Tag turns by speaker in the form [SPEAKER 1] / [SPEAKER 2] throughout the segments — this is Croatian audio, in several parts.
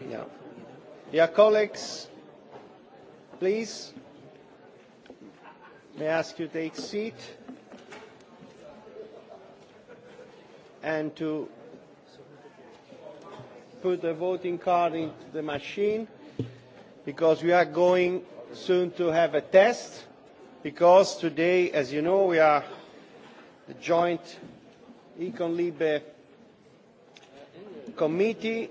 [SPEAKER 1] You know? Dear colleagues, please, may I ask you to take seat and to put the voting card into the machine because we are going soon to have a test because today, as you know, we are the joint Econ Libre committee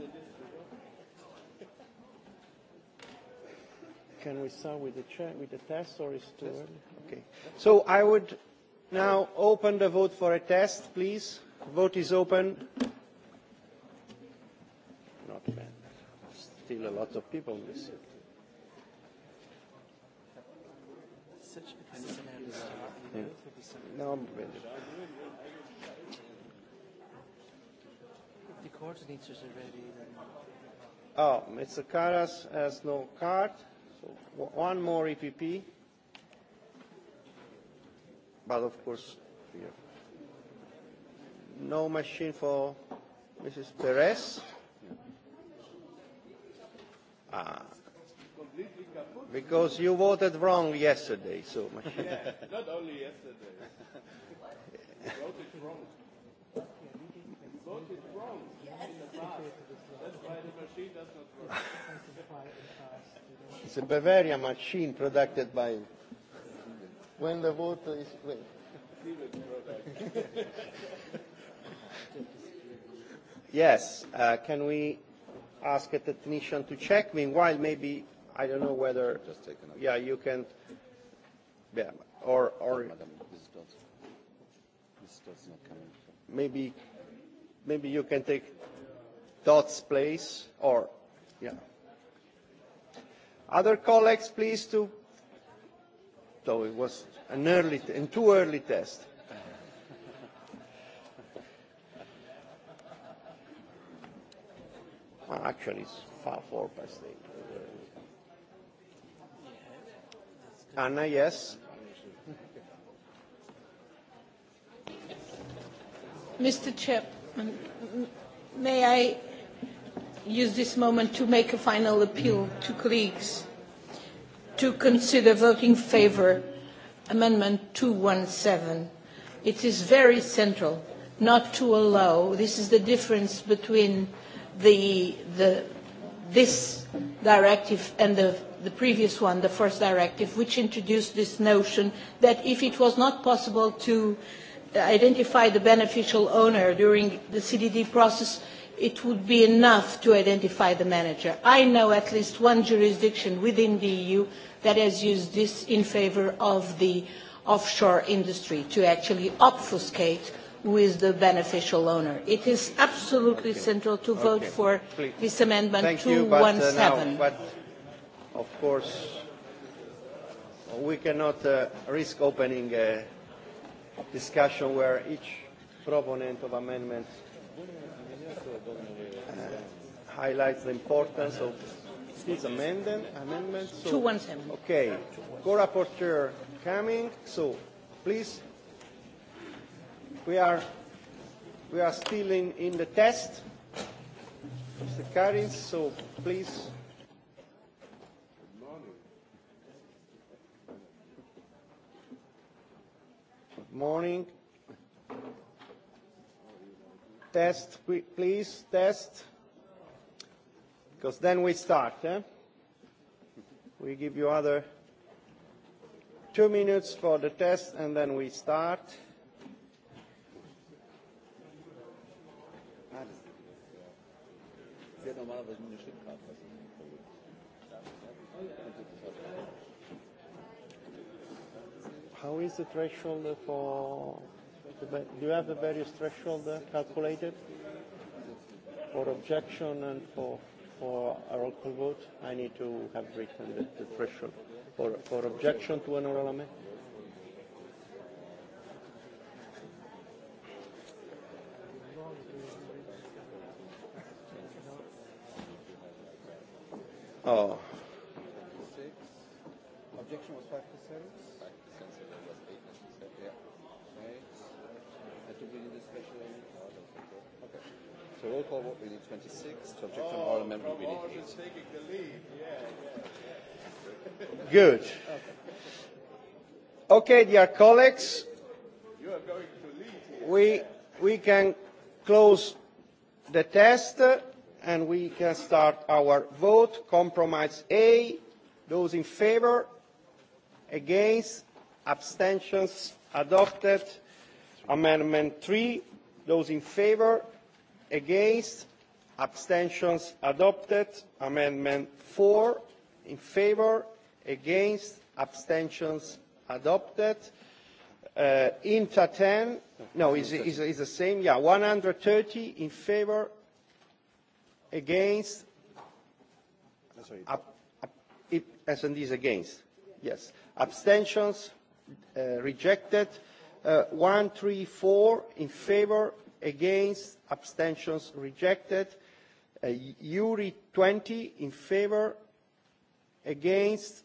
[SPEAKER 1] Can we start with the chair with the test, or is too early? Okay. So I would now open the vote for a test, please. Vote is open. Not bad. Still a lot of people missing. Yeah. Now I'm ready. The coordinators are ready. Oh, Mr. Karas has no card. One more EPP. But of course, yeah. no machine for Mrs. Perez. Ah. Because you voted wrong yesterday, so machine yeah, not only yesterday. voted wrong. Voted wrong That's why the machine does not work. It's a Bavaria machine produced by when the water is yes, uh, can we ask a technician to check? Meanwhile, maybe, I don't know whether... Just take Yeah, you can... Yeah, or... or Madam, this Maybe, maybe you can take Dot's place, or... Yeah. Other colleagues, please, to... So it was an early and too early test. Well, actually, it's far four past eight. Anna, yes? Mr. Chip, may I use this moment to make a final appeal to colleagues to consider voting in favour amendment 217. It is very central not to allow, this is the difference between the, the, this directive and the, the previous one, the first directive, which introduced this notion that if it was not possible to uh, identify the beneficial owner during the CDD process, it would be enough to identify the manager. I know at least one jurisdiction within the EU that has used this in favor of the offshore industry to actually obfuscate who is the beneficial owner. It is absolutely central to vote okay. for Please. this amendment Thank 217. You, but, uh, now, but of course, we cannot uh, risk opening a discussion where each proponent of amendments highlights the importance of this amendment. amendment. So, 217. Okay. Co-rapporteur coming. So, please, we are, we are still in, in the test. Mr. Karin, so please. morning. Test, please, test. Because then we start. We give you other two minutes for the test and then we start. How is the threshold for do you have the various threshold uh, calculated for objection and for for a roll call vote? I need to have written the, the threshold for for objection to an oral amendment. Oh. Objection was five to seven. need a special Okay. So roll call vote, we need 26. object oh, to oral amendment, we need 8. the lead. Yeah, yeah. Good. Okay, dear colleagues. You are going to lead here. We, we can close the test and we can start our vote. Compromise A. Those in favor? Against? Abstentions? Adopted. Amendment 3. Those in favor? Against? Abstentions adopted. Amendment 4. In favor? Against? Abstentions adopted. Uh, Inter 10. No, is, is, is the same. Yeah, 130 in favor? Against? it, S&D is against. Yes. Abstentions? Uh, rejected. 134 uh, one three in favor against abstentions rejected uh, 20 in favor against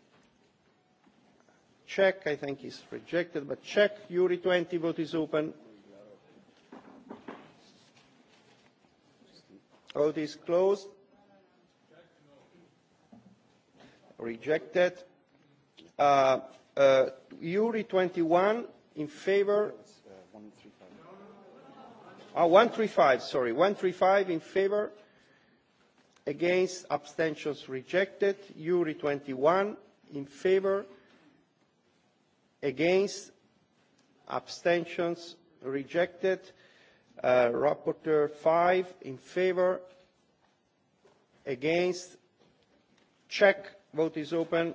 [SPEAKER 1] check I think is rejected but check URI 20 vote is open vote is closed rejected uh, uh, 21 in favor oh, ah, 135 sorry 135 in favor against abstentions rejected uri 21 in favor against abstentions rejected uh, rapporteur 5 in favor against check vote is open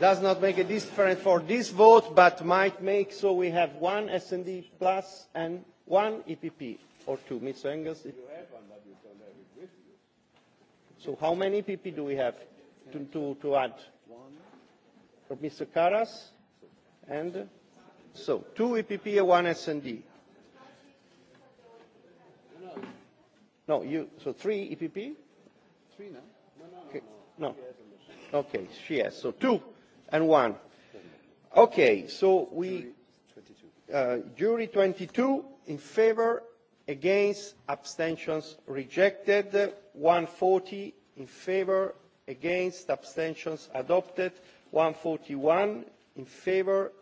[SPEAKER 1] does not make a difference for this vote, but might make so we have one S&D plus and one EPP or two. Mr. Engels? It... You have one, but you don't have it with you. So how many EPP do we have to, to, to add? One. Mr. Karas? And so two EPP and one S&D. No, you, so three EPP? Three, no? No, no, no. Okay. no. Okay, she has. So two and one okay so we uh, jury 22 in favor against abstentions rejected 140 in favor against abstentions adopted 141 in favor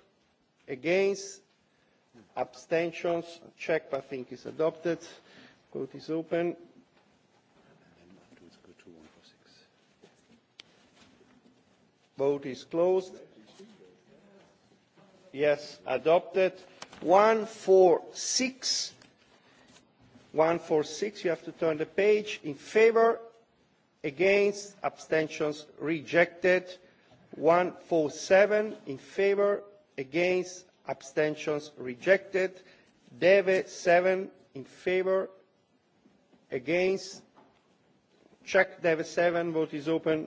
[SPEAKER 1] against abstentions check i think is adopted quote is open vote is closed yes adopted one four six one four you have to turn the page in favor against abstentions rejected one four seven in favor against abstentions rejected deve seven in favor against check deve seven vote is open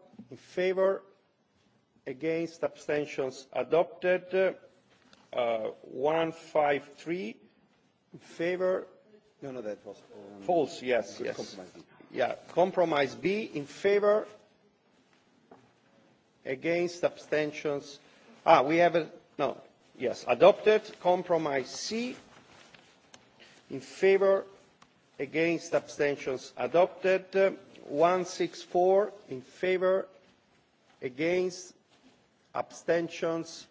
[SPEAKER 1] in favor against abstentions adopted uh, 153 in favor no no that was um, false yes yes compromise b. yeah compromise b in favor against abstentions ah we have a no yes adopted compromise c in favor against abstentions adopted 164 in favor against abstentions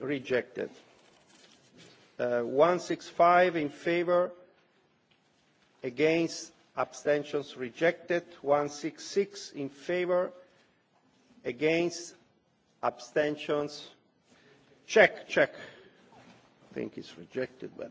[SPEAKER 1] rejected 165 uh, in favor against abstentions rejected 166 in favor against abstentions check check i think it's rejected but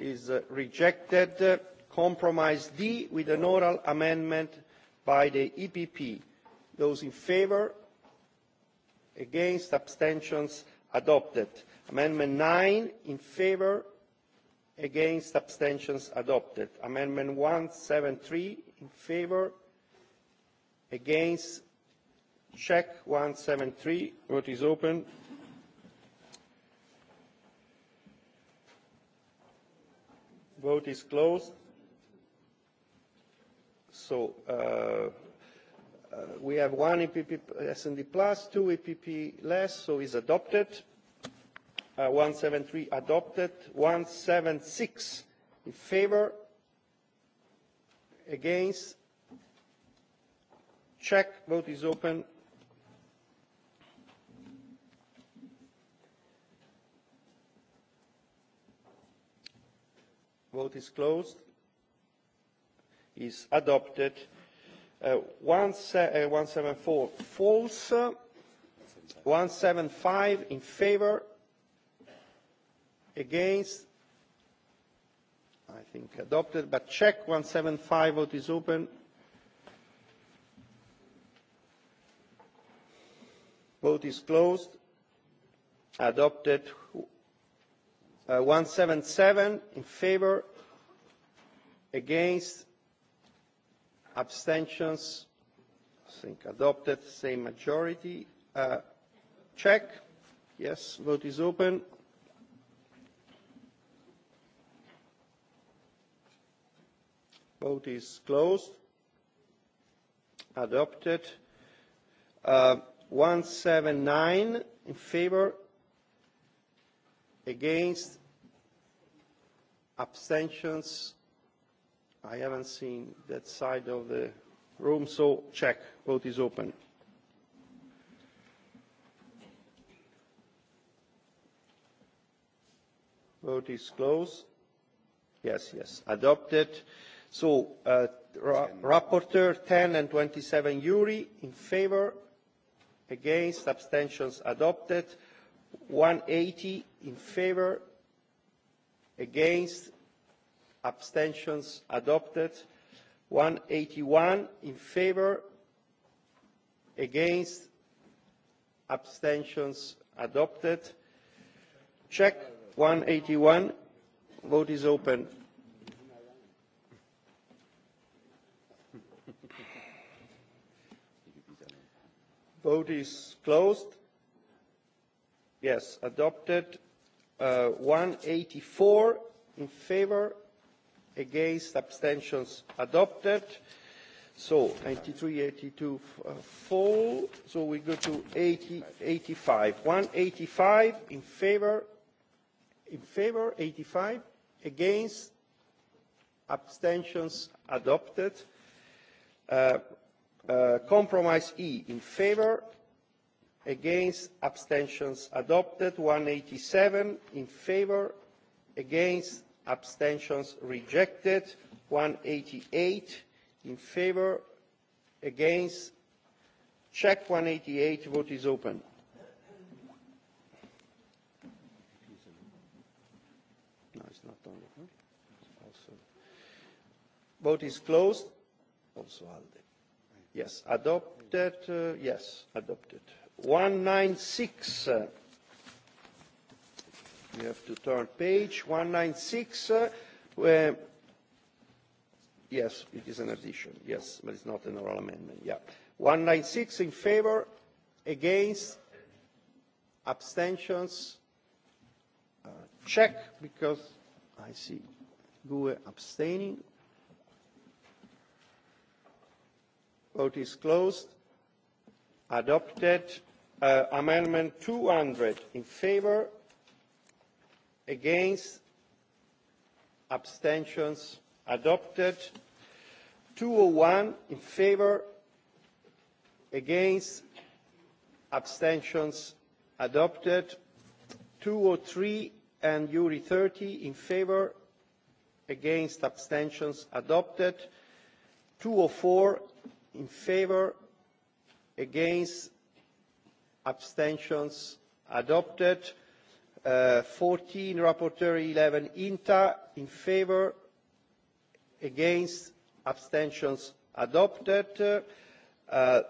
[SPEAKER 1] is rejected. Compromise D with an oral amendment by the EPP. Those in favour? Against? Abstentions? Adopted. Amendment nine in favour? Against? Abstentions? Adopted. Amendment one three in favour? Against? Check one 173. Vote is open. Vote is closed. So uh, uh, we have one EPP S&D plus, two EPP less, so is adopted. Uh, 173 adopted. 176 in favor. Against. Check. Vote is open. vote is closed is adopted uh, one uh, false one seven in favor against i think adopted but check 175 vote is open vote is closed adopted uh, one 177 in favor against abstentions i think adopted same majority uh, check yes vote is open vote is closed adopted uh, 179 in favor against abstentions i haven't seen that side of the room, so check. Vote is open. Vote is closed. Yes, yes, adopted. So, uh, rapporteur 10 and 27 Yuri in favor, against, abstentions adopted. 180 in favor, against, abstentions adopted 181 in favor against abstentions adopted check 181 vote is open vote is closed yes adopted uh, eighty 184 in favor against abstentions adopted so 93 82 4. so we go to 80 85 185 in favor in favor 85 against abstentions adopted uh, uh, compromise e in favor against abstentions adopted 187 in favor against abstentions rejected 188 in favor against check 188 vote is open no it's not only also vote is closed also yes adopted uh, yes adopted 196 uh, We have to turn page 196. Uh, where, yes, it is an addition. Yes, but it's not an oral amendment. Yeah. 196 in favor, against, abstentions, uh, check because I see GUE abstaining. Vote is closed. Adopted. Uh, amendment 200 in favor, against abstentions adopted 201 in favor against abstentions adopted 203 and URI 30 in favor against abstentions adopted 204 in favor against abstentions adopted 14 uh, rapporteur 11 inta in favor against abstentions adopted uh,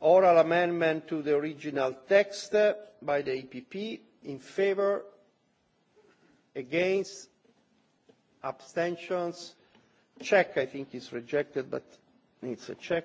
[SPEAKER 1] oral amendment to the original text by the epp in favor against abstentions check i think is rejected but needs a check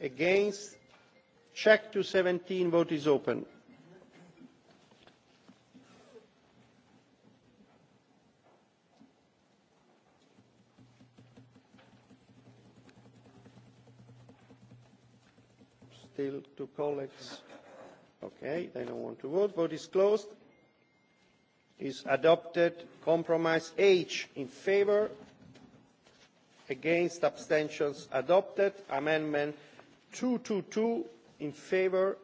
[SPEAKER 1] against check to 17 vote is open still two colleagues okay they don't want to vote vote is closed is adopted compromise h in favor against abstentions adopted amendment 222 in favor,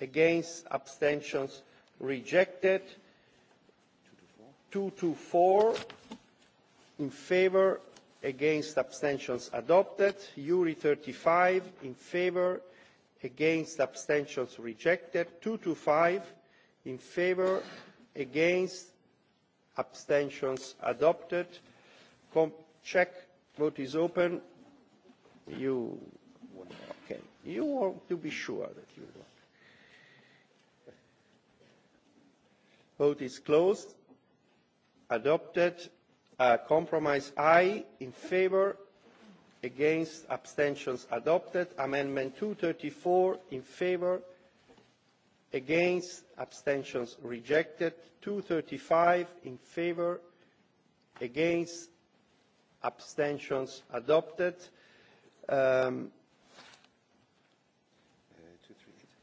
[SPEAKER 1] against, abstentions, rejected. 224 in favor, against, abstentions, adopted. URI 35 in favor, against, abstentions, rejected. 225 in favor, against, abstentions, adopted. Com check, vote is open. You can. You want to be sure that you want. Vote is closed. Adopted. Uh, compromise I in favor. Against. Abstentions adopted. Amendment 234 in favor. Against. Abstentions rejected. 235 in favor. Against. Abstentions adopted. Um,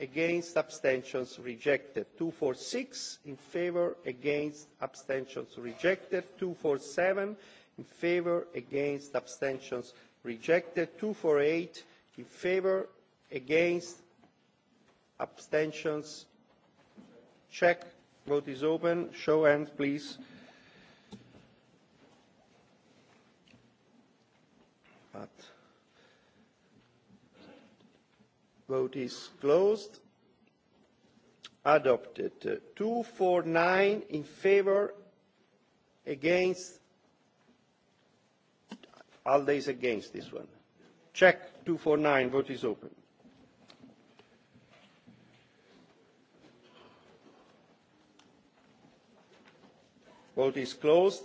[SPEAKER 1] against abstentions rejected two four six in favor against abstentions rejected two four seven in favor against abstentions rejected two four eight in favor against abstentions check vote is open show hands please but Vote is closed. Adopted. 249 uh, in favor, against. All days against this one. Check 249. Vote is open. Vote is closed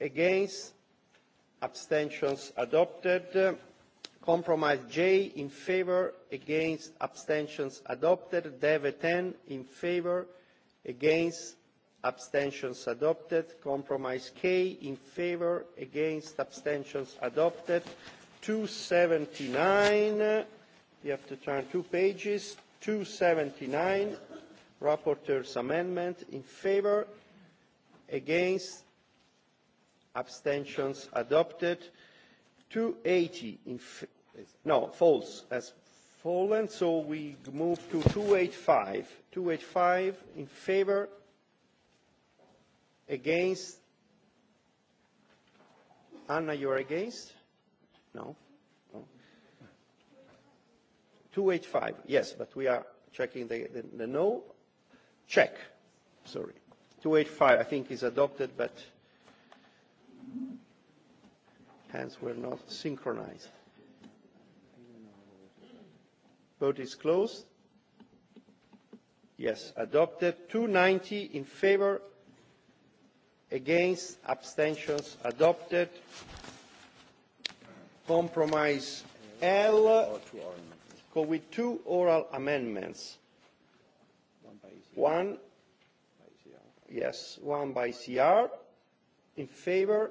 [SPEAKER 1] against abstentions adopted compromise j in favor against abstentions adopted Deve 10 in favor against abstentions adopted compromise k in favor against abstentions adopted 279 you have to turn two pages 279 rapporteur's amendment in favor against abstentions adopted 280 in no false has fallen so we move to 285 285 in favor against Anna you are against no no 285 yes but we are checking the, the, the no check sorry 285 I think is adopted but hands were not synchronized. Vote is closed. Yes, adopted. 290 in favor, against, abstentions adopted. Compromise L with two oral amendments. One, yes, one by CR in favor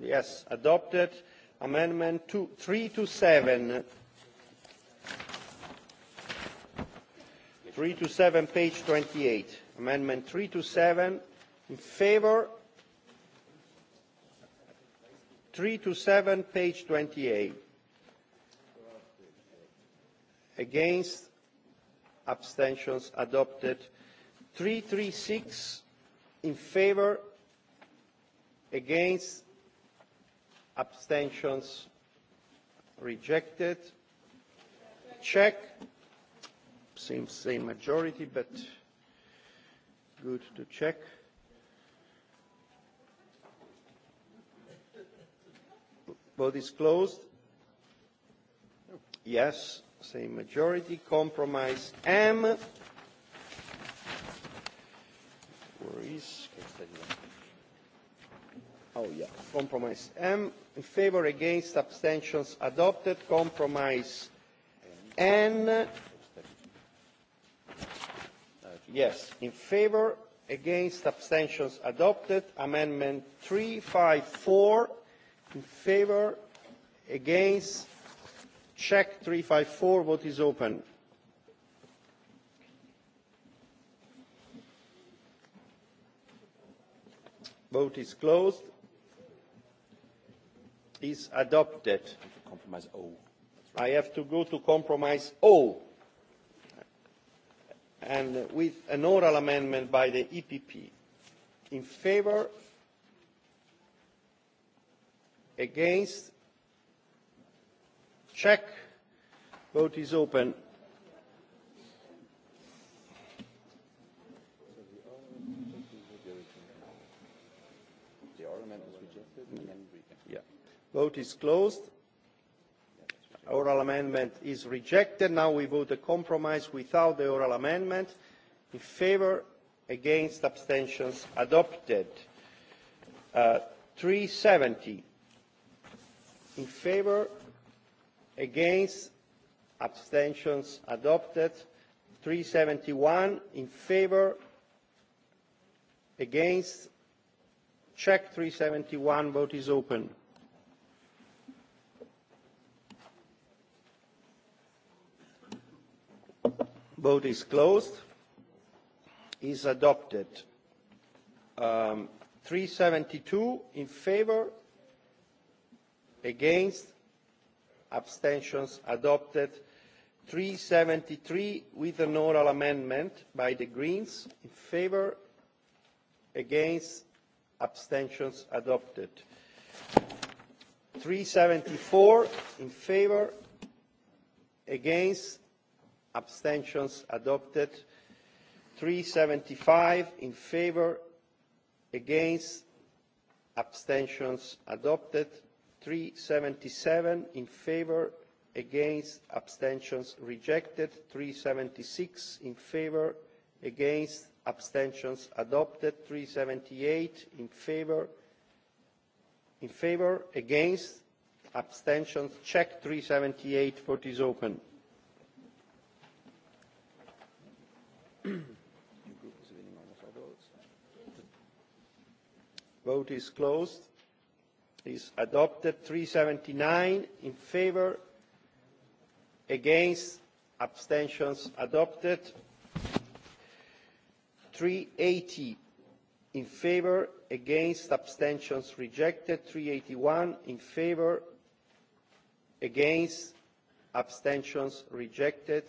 [SPEAKER 1] yes adopted amendment two, three to seven three to seven page twenty eight amendment three to seven in favor three to seven page twenty eight against abstentions adopted three three six in favor against abstentions rejected check seems same majority but good to check vote is closed yes same majority compromise m where is Oh, Compromise M. In favor, against, abstentions adopted. Compromise N. Yes. In favor, against, abstentions adopted. Amendment 354. In favor, against, check 354. Vote is open. Vote is closed is adopted. Compromise O. I have to go to compromise O. And with an oral amendment by the EPP. In favor? Against? Check. Vote is open. amendment mm-hmm. Yeah. Vote is closed. Oral amendment is rejected. Now we vote a compromise without the oral amendment. In favor, against, abstentions adopted. Uh, 370. In favor, against, abstentions adopted. 371. In favor, against, Check 371. Vote is open. Vote is closed. Is adopted. Um, 372 in favor, against, abstentions adopted. 373 with an oral amendment by the Greens in favor, against, abstentions adopted 374 in favor against abstentions adopted 375 in favor against abstentions adopted 377 in favor against abstentions rejected 376 in favor against abstentions adopted 378 in favor in favor against abstentions check 378 vote is open vote is closed is adopted 379 in favor against abstentions adopted three eighty in favour against abstentions rejected three eighty one in favour against abstentions rejected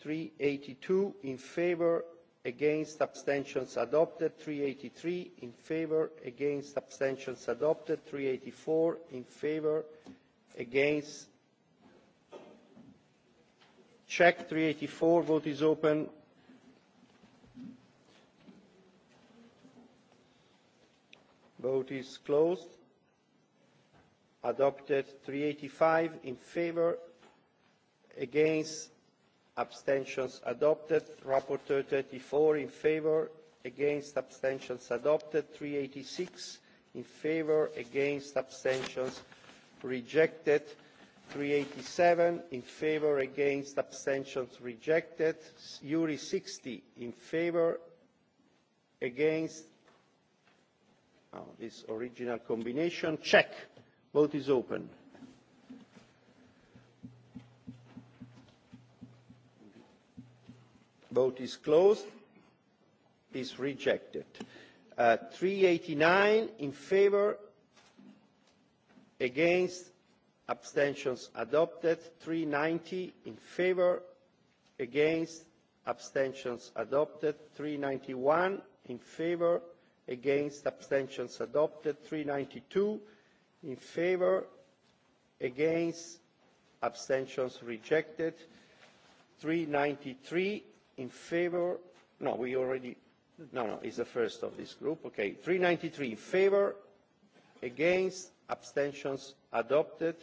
[SPEAKER 1] three eighty two in favour against abstentions adopted three eighty three in favour against abstentions adopted three eighty four in favour against check three eighty four vote is open vote is closed adopted 385 in favor against abstentions adopted rapporteur 34 in favor against abstentions adopted 386 in favor against abstentions rejected 387 in favor against abstentions rejected uri 60 in favor against Oh, this original combination. Check. Vote is open. Vote is closed. Is rejected. Uh, 389 in favor, against, abstentions adopted. 390 in favor, against, abstentions adopted. 391 in favor, against abstentions adopted 392 in favor against abstentions rejected 393 in favor no we already no no is the first of this group okay 393 in favor against abstentions adopted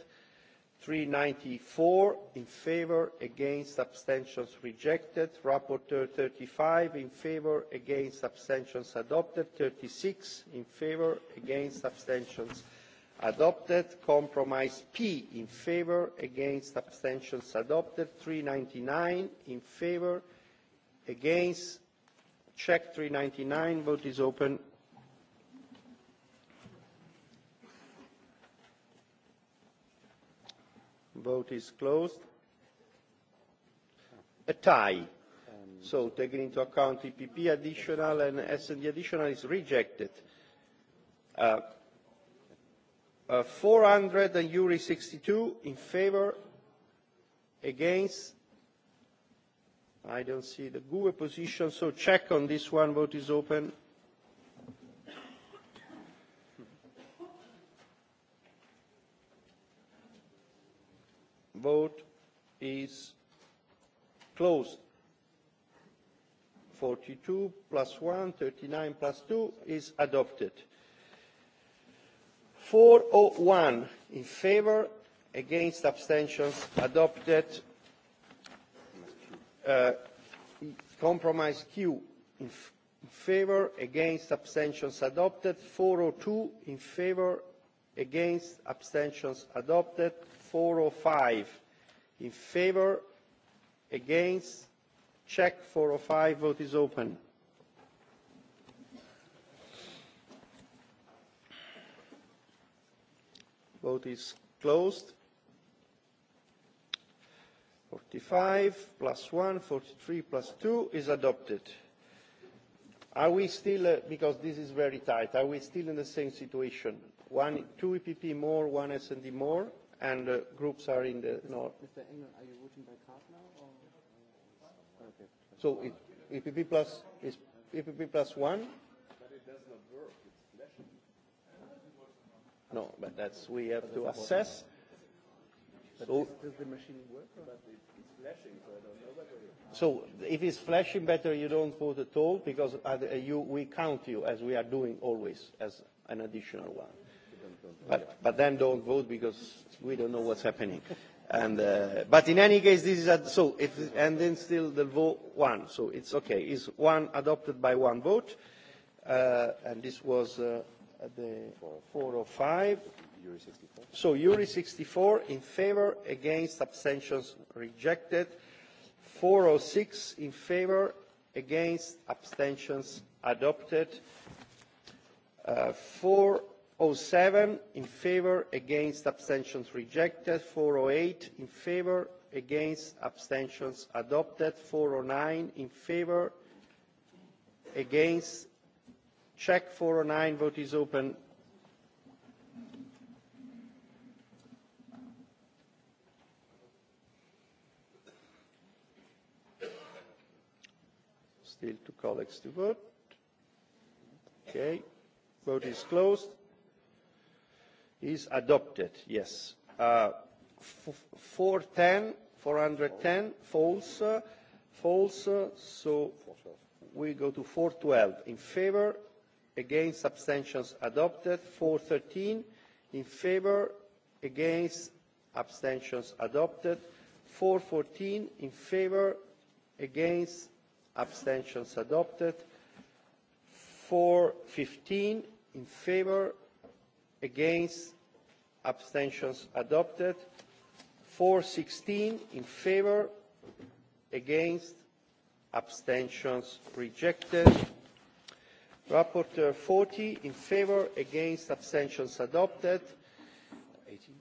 [SPEAKER 1] 394 in favor against abstentions rejected rapporteur 35 in favor against abstentions adopted 36 in favor against abstentions adopted compromise p in favor against abstentions adopted 399 in favor against check 399 vote is open vote is closed a tie so taking into account epp additional and sd additional is rejected uh, uh, 400 and Uri 62 in favor against i don't see the Google position so check on this one vote is open vote is closed. 42 plus 1, 39 plus 2 is adopted. 401 in favor, against abstentions adopted. Uh, compromise Q in, in favor, against abstentions adopted. 402 in favor, against abstentions adopted. 405 in favor against check 405 vote is open vote is closed 45 plus 1 43 plus 2 is adopted are we still uh, because this is very tight are we still in the same situation one two epp more one sd more and uh, groups are in the north. Mr. Engel, are you voting by card now? Or? Okay. So it, EPP plus is EPP plus one. But it does not work. It's flashing. No, but that's we have to assess. But so, does, the machine work? Or? But it, it's flashing, so I don't know whether. It... So if it's flashing better, you don't vote at all because you, we count you as we are doing always as an additional one. But, then don't vote because we don't know what's happening. And, uh, but in any case, this is so. If, and then still the vote one, so it's okay. Is one adopted by one vote? Uh, and this was uh, the four or five. So URI 64 in favor, against abstentions rejected. 406 in favor, against abstentions adopted. Uh, four 7 in favor against abstentions rejected four oh in favor against abstentions adopted four oh in favor against check four oh vote is open still two colleagues to vote okay vote is closed is adopted yes uh, 410 410 false uh, false uh, so we go to 412 in favor against abstentions adopted 413 in favor against abstentions adopted 414 in favor against abstentions adopted 415 in favor against abstentions adopted 416 in favor against abstentions rejected rapporteur 40 in favor against abstentions adopted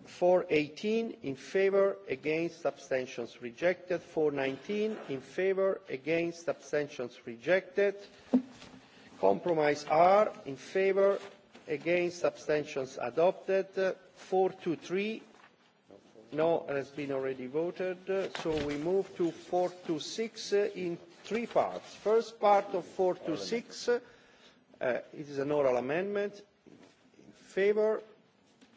[SPEAKER 1] 418 in favor against abstentions rejected 419 in favor against abstentions rejected compromise r in favor against abstentions adopted four to three no has been already voted so we move to four to six in three parts first part of four to six uh, it is an oral amendment in favor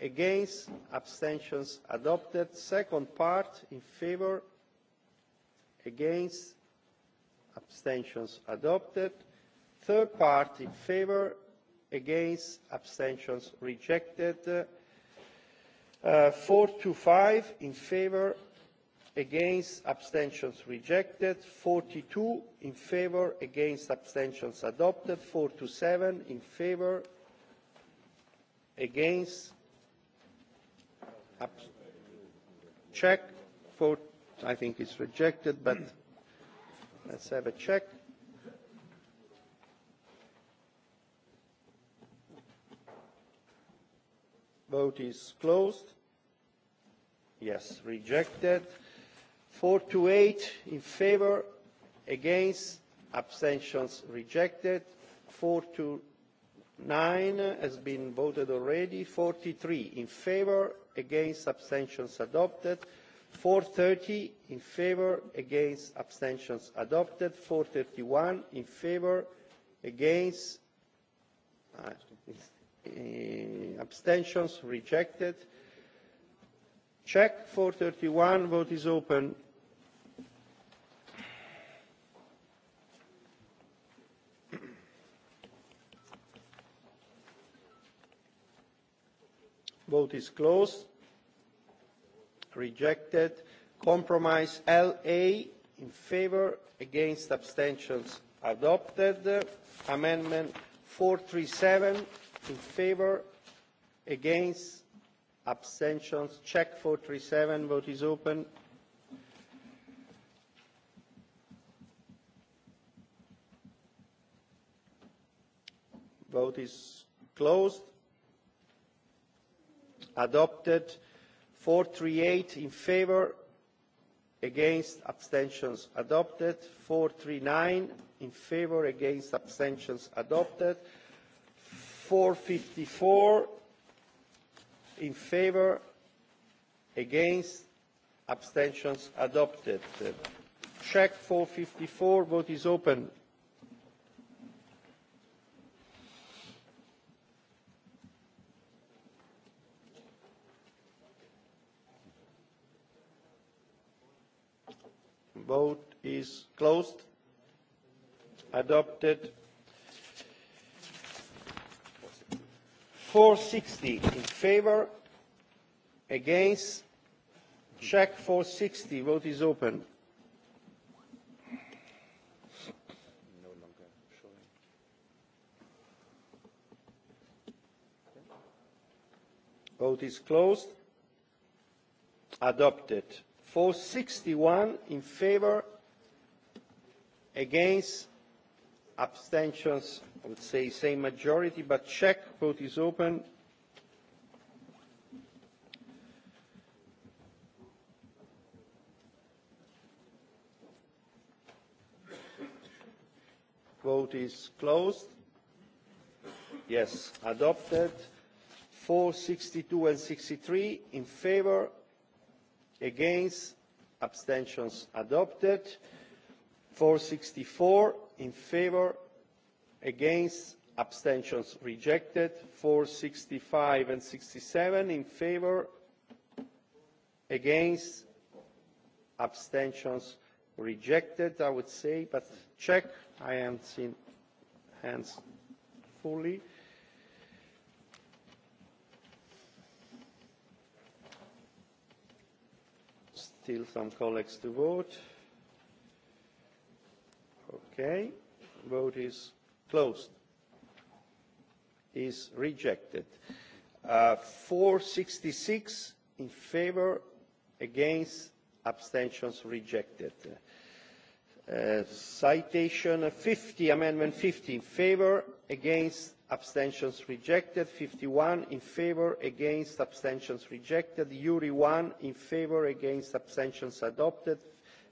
[SPEAKER 1] against abstentions adopted second part in favor against abstentions adopted third part in favor against abstentions rejected uh, four to five in favor against abstentions rejected forty two in favor against abstentions adopted four to seven in favor against check for i think it's rejected but let's have a check vote is closed yes rejected 4 to 8 in favor against abstentions rejected 4 9 has been voted already 43 in favor against abstentions adopted 430 in favor against abstentions adopted 431 in favor against uh, Uh, abstentions rejected check 431 vote is open vote is closed rejected compromise la in favor against abstentions adopted amendment 437 in favor against abstentions check 437 vote is open vote is closed adopted 438 in favor against abstentions adopted 439 in favor against abstentions adopted 454 in favor against abstentions adopted check 454 vote is open vote is closed adopted 460 in favor against check 460 vote is open vote is closed adopted 461 in favor against abstentions i would say same majority, but check. Vote is open. Vote is closed. Yes, adopted. 462 and 63 in favor, against, abstentions adopted. 464 in favor, against abstentions rejected four sixty five and sixty seven in favor against abstentions rejected i would say but check i am seen hands fully still some colleagues to vote okay vote is closed is rejected uh, sixty 466 in favor against abstentions rejected uh, citation 50 uh, amendment 50 in favor against abstentions rejected 51 in favor against abstentions rejected uri 1 in favor against abstentions adopted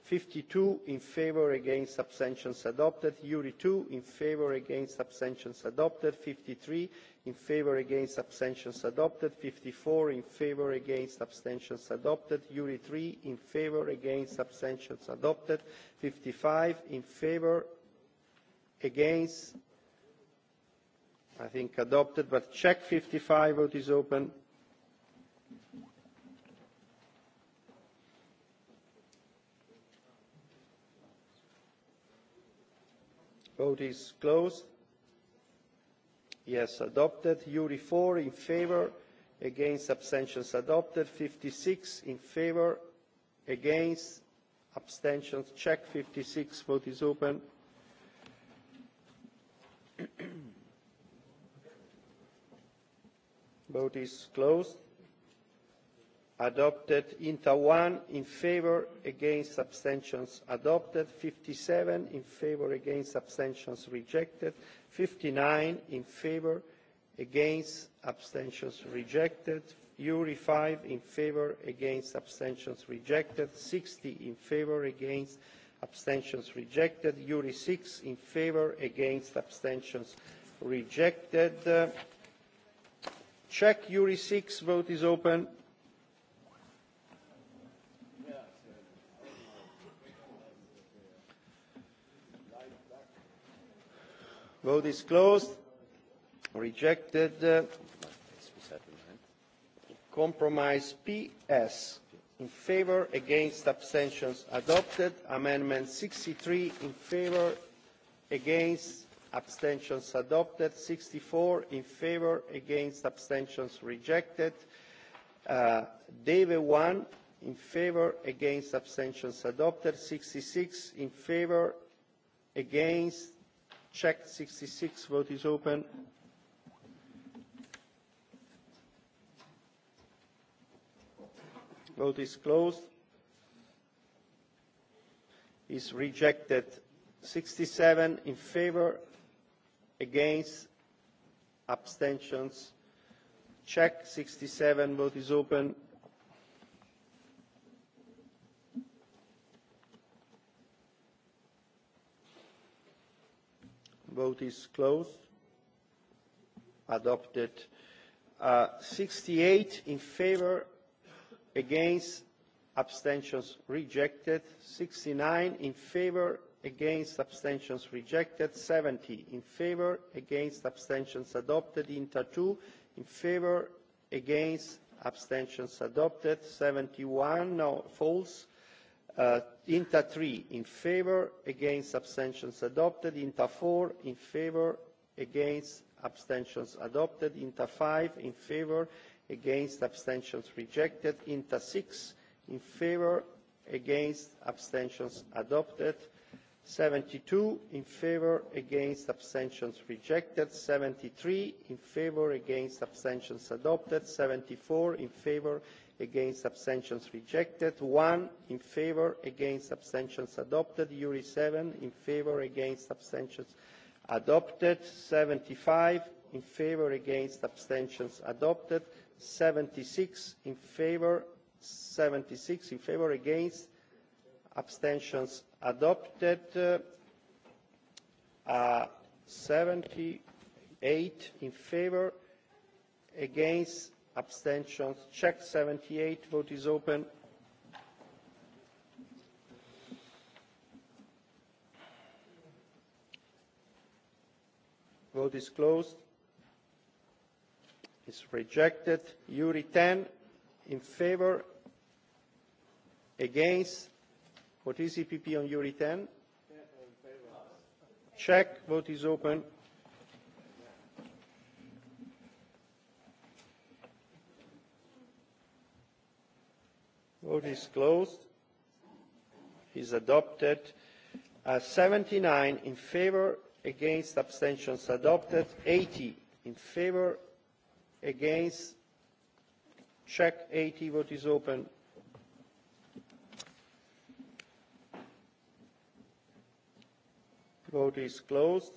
[SPEAKER 1] fifty two in favour against abstentions adopted yuri two in favour against abstentions adopted fifty three in favour against abstentions adopted fifty four in favour against abstentions adopted yuri three in favour against abstentions adopted fifty five in favour against i think adopted but check fifty five vote is open vote is closed yes adopted uri 4 in favour against abstentions adopted 56 in favour against abstentions check 56 vote is open vote is closed adopted inta one in favour against abstentions adopted fifty seven in favour against abstentions rejected fifty nine in favour against abstentions rejected uri five in favour against abstentions rejected sixty in favour against abstentions rejected uri six in favour against abstentions rejected check uri six vote is open vote is closed rejected compromise ps in favor against abstentions adopted amendment 63 in favor against abstentions adopted 64 in favor against abstentions rejected uh, one 1 in favor against abstentions adopted 66 in favor against check 66 vote is open vote is closed is rejected 67 in favor against abstentions check 67 vote is open vote is closed adopted uh, 68 in favor against abstentions rejected 69 in favor against abstentions rejected 70 in favor against abstentions adopted inter 2 in favor against abstentions adopted 71 no false Uh, inta three in favour against abstentions adopted inta four in favour against abstentions adopted inta five in favour against abstentions rejected inta six in favour against abstentions adopted seventy two in favour against abstentions rejected seventy three in favour against abstentions adopted seventy four in favour against abstentions rejected one in favor against abstentions adopted uri 7 in favor against abstentions adopted 75 in favor against abstentions adopted 76 in favor 76 in favor against abstentions adopted uh, 78 in favor against abstentions check 78 vote is open vote is closed is rejected uri 10 in favor against what is epp on uri 10 check vote is open vote is closed is adopted uh, 79 in favor against abstentions adopted 80 in favor against check 80 vote is open vote is closed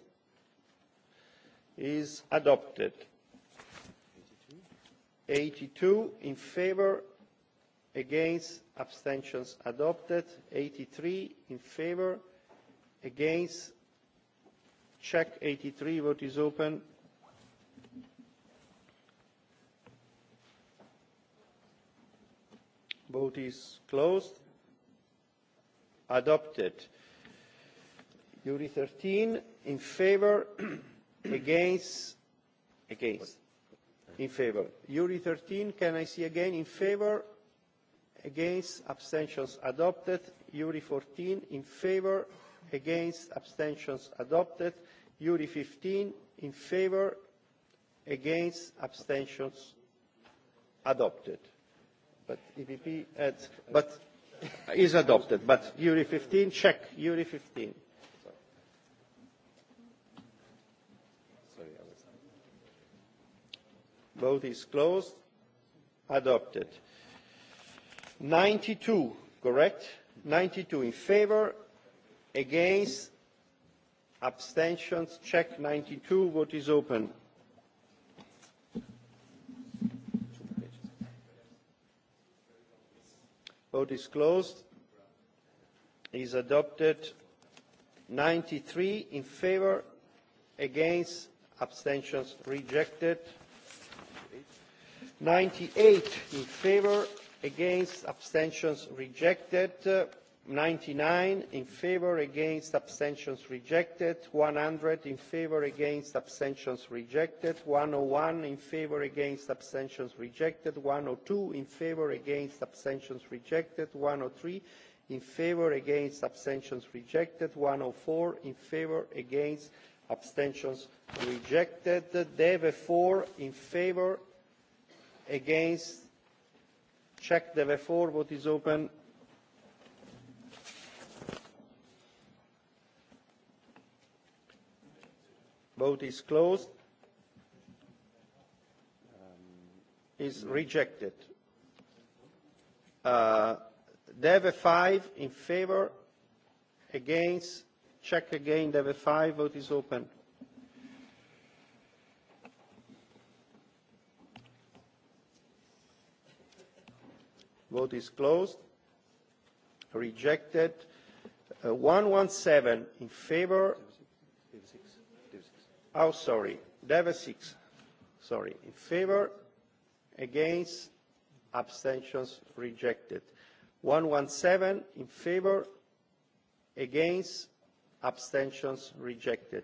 [SPEAKER 1] is adopted 82 in favor against abstentions adopted Eighty three in favor against check 83 vote is open vote is closed adopted URI 13 in favor against against in favor URI 13 can I see again in favor against abstentions adopted uri 14 in favor against abstentions adopted uri 15 in favor against abstentions adopted but EPP adds, but is adopted but uri 15 check uri 15 vote is closed adopted ninety two correct ninety two in favor against abstentions check ninety two vote is open vote is closed is adopted ninety three in favor against abstentions rejected ninety eight in favor against abstentions rejected ninety nine in favour against abstentions rejected one hundred in favour against abstentions rejected one hundred one in favour against abstentions rejected one hundred two in favour against abstentions rejected one hundred three in favour against abstentions rejected one hundred four in favour against abstentions rejected therefore in favour against check deve four vote is open vote is closed um, is rejected uh, Dev five in favor against check again the five vote is open vote is closed rejected uh, 117 in favor oh sorry deva 6 sorry in favor against abstentions rejected 117 in favor against abstentions rejected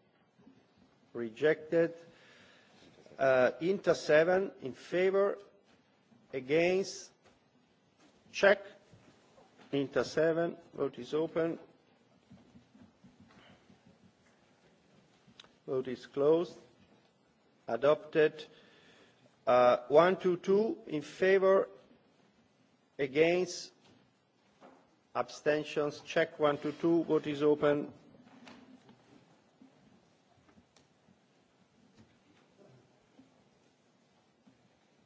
[SPEAKER 1] rejected uh, inter 7 in favor against check inter 7 vote is open vote is closed adopted uh, 122 in favor against abstentions check 122 vote is open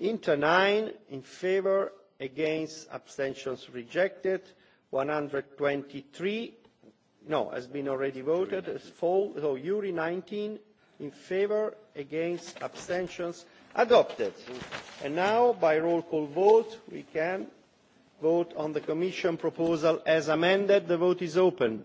[SPEAKER 1] inter nine in favor against abstentions rejected one hundred and twenty three no has been already voted as full so URI nineteen in favor against abstentions adopted and now by roll call vote we can vote on the commission proposal as amended the vote is open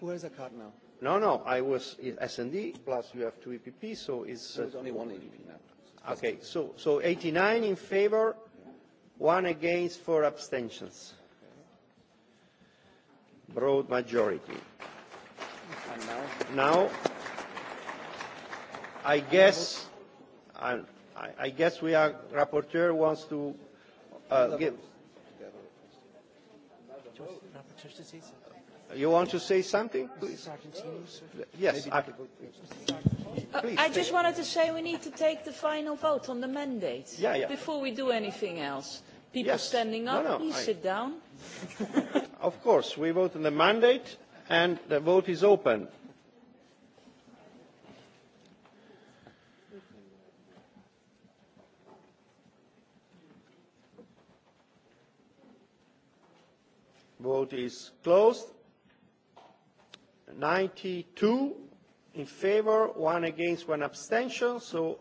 [SPEAKER 1] Who has a card now? No, no, I was S&D, plus you have two EPP, so it's... There's only one EPP now. Uh, okay, so, so 89 in favor, one against, four abstentions. Broad majority. And now? Now, I guess, I, I guess we are, rapporteur wants to uh, give... disease. You want to say something? Yes. I, uh, I just wanted to say we need to take the final vote on the mandate yeah, yeah. before we do anything else. People yes. standing up, no, no, please I... sit down. of course, we vote on the mandate and the vote is open. Vote is closed. 92 in favor, one against, one abstention. So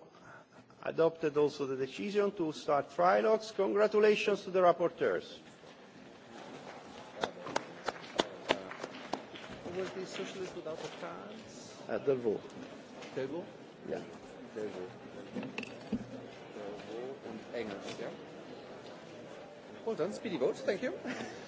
[SPEAKER 1] adopted also the decision to start trilogues. Congratulations to the rapporteurs. Was the socialist without the cards? At the vote. Table? Yeah. Table. Table and Engels, yeah. Well done, speedy vote, thank you.